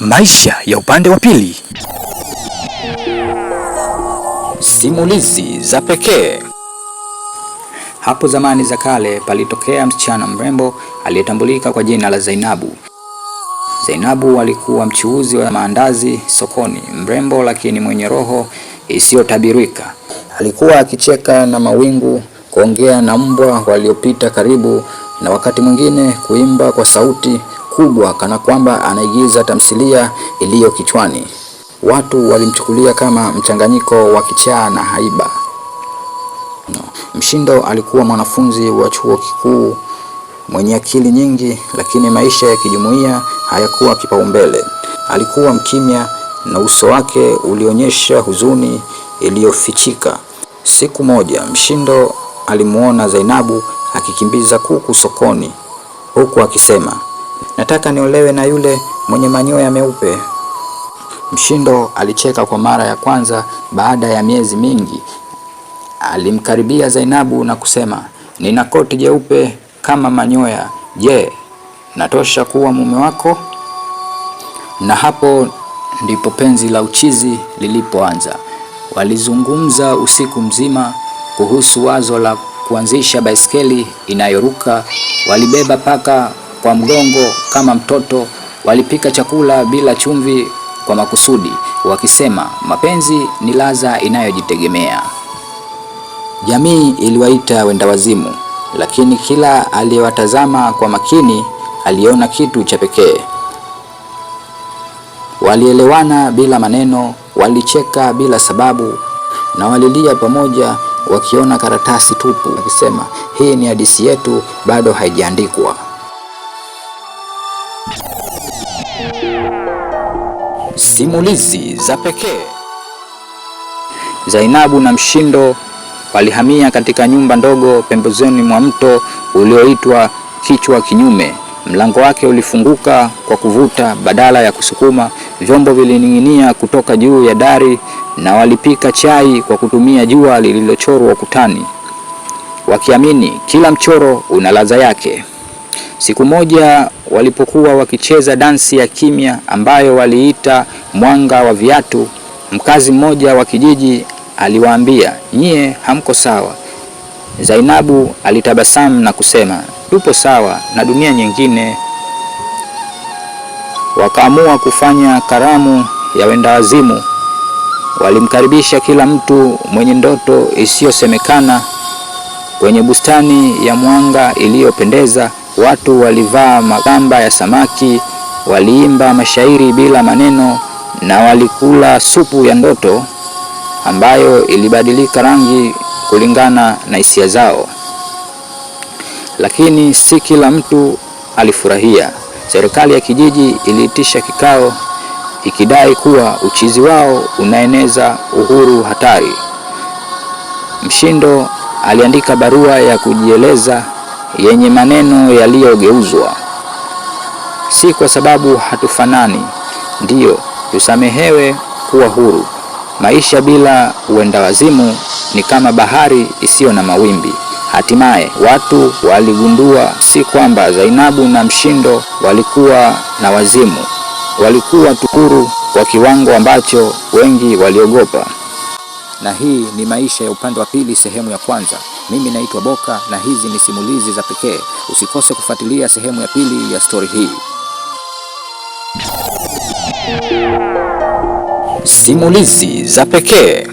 Maisha ya upande wa pili, simulizi za pekee. Hapo zamani za kale palitokea msichana mrembo aliyetambulika kwa jina la Zainabu. Zainabu alikuwa mchuuzi wa maandazi sokoni, mrembo lakini mwenye roho isiyotabirika. Alikuwa akicheka na mawingu, kuongea na mbwa waliopita karibu, na wakati mwingine kuimba kwa sauti kubwa, kana kwamba anaigiza tamthilia iliyo kichwani. Watu walimchukulia kama mchanganyiko wa kichaa na haiba. No. Mshindo alikuwa mwanafunzi wa chuo kikuu mwenye akili nyingi, lakini maisha ya kijumuiya hayakuwa kipaumbele. Alikuwa mkimya na uso wake ulionyesha huzuni iliyofichika. Siku moja Mshindo alimuona Zainabu akikimbiza kuku sokoni huku akisema Nataka niolewe na yule mwenye manyoya meupe. Mshindo alicheka kwa mara ya kwanza baada ya miezi mingi. Alimkaribia Zainabu na kusema, nina koti jeupe kama manyoya. Je, natosha kuwa mume wako? Na hapo ndipo penzi la uchizi lilipoanza. Walizungumza usiku mzima kuhusu wazo la kuanzisha baiskeli inayoruka. Walibeba paka kwa mgongo kama mtoto. Walipika chakula bila chumvi kwa makusudi, wakisema mapenzi ni ladha inayojitegemea. Jamii iliwaita wendawazimu, lakini kila aliyewatazama kwa makini aliona kitu cha pekee. Walielewana bila maneno, walicheka bila sababu, na walilia pamoja wakiona karatasi tupu, wakisema hii ni hadithi yetu, bado haijaandikwa. Simulizi za pekee. Zainabu na Mshindo walihamia katika nyumba ndogo pembezoni mwa mto ulioitwa Kichwa Kinyume. Mlango wake ulifunguka kwa kuvuta badala ya kusukuma. Vyombo vilining'inia kutoka juu ya dari na walipika chai kwa kutumia jua lililochorwa ukutani, wakiamini kila mchoro una ladha yake. Siku moja walipokuwa wakicheza dansi ya kimya ambayo waliita mwanga wa viatu, mkazi mmoja wa kijiji aliwaambia, nyie hamko sawa. Zainabu alitabasamu na kusema, tupo sawa na dunia nyingine. Wakaamua kufanya karamu ya wendawazimu. Walimkaribisha kila mtu mwenye ndoto isiyosemekana kwenye bustani ya mwanga iliyopendeza watu walivaa magamba ya samaki, waliimba mashairi bila maneno na walikula supu ya ndoto ambayo ilibadilika rangi kulingana na hisia zao. Lakini si kila mtu alifurahia. Serikali ya kijiji iliitisha kikao ikidai kuwa uchizi wao unaeneza uhuru hatari. Mshindo aliandika barua ya kujieleza yenye maneno yaliyogeuzwa. Si kwa sababu hatufanani, ndiyo tusamehewe kuwa huru. Maisha bila uendawazimu ni kama bahari isiyo na mawimbi. Hatimaye watu waligundua si kwamba Zainabu na Mshindo walikuwa na wazimu, walikuwa tukuru kwa kiwango ambacho wengi waliogopa na hii ni Maisha ya Upande wa Pili sehemu ya kwanza. Mimi naitwa Boka na hizi ni simulizi za pekee. Usikose kufuatilia sehemu ya pili ya stori hii. Simulizi za pekee.